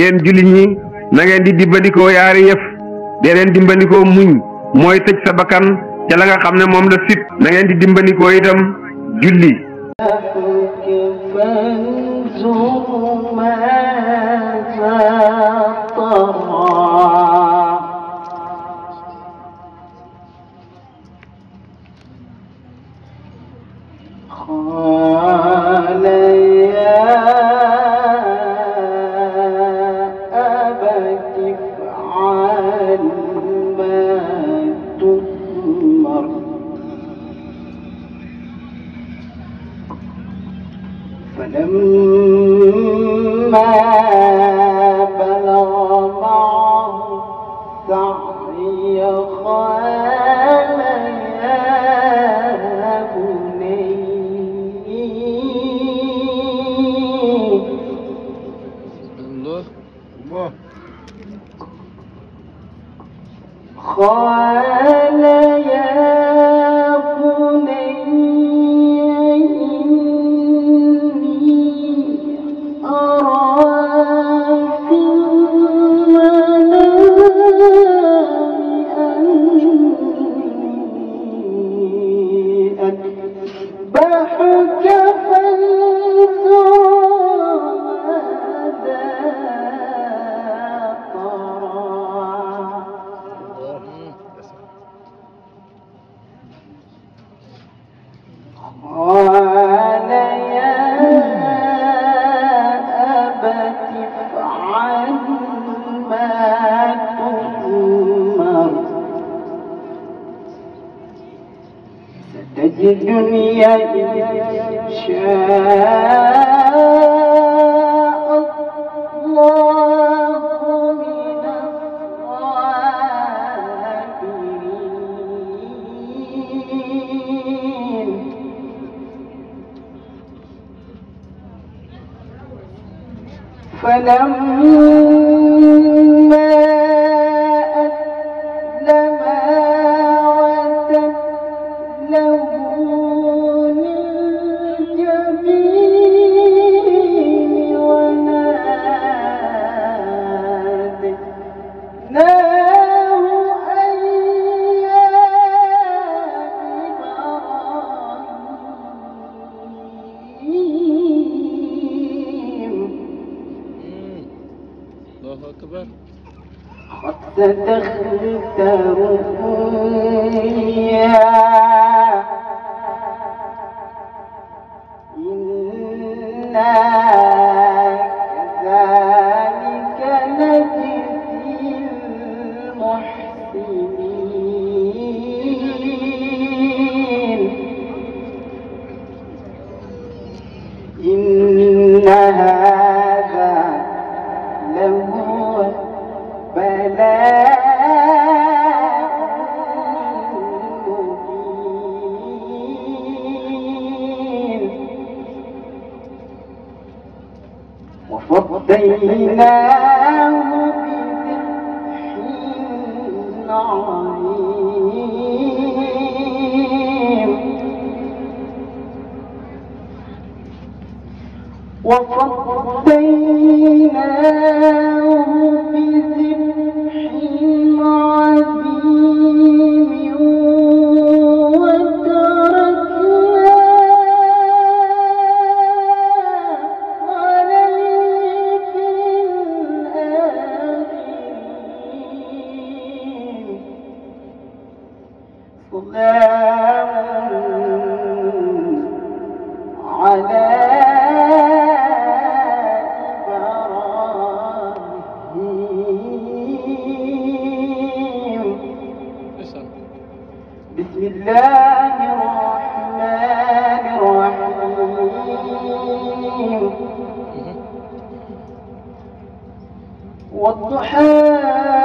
yéen jullit ñi na di dimbandikoo yaari yëf dee leen dimbandikoo muñ mooy tëj sa bakkan ca la nga xam ne moom la sib na ngeen di dimbandikoo itam julli ما بلغ معه السعي قال يا بني الله الله قال تجدني إن شاء الله من الصابرين فلما الله أكبر حتى دخلت ربيا إنا كذلك نجزي المحسنين إنها مبين وفديناه بذبح عظيم وفديناه بذبح الله الرحمن الرحيم والضحى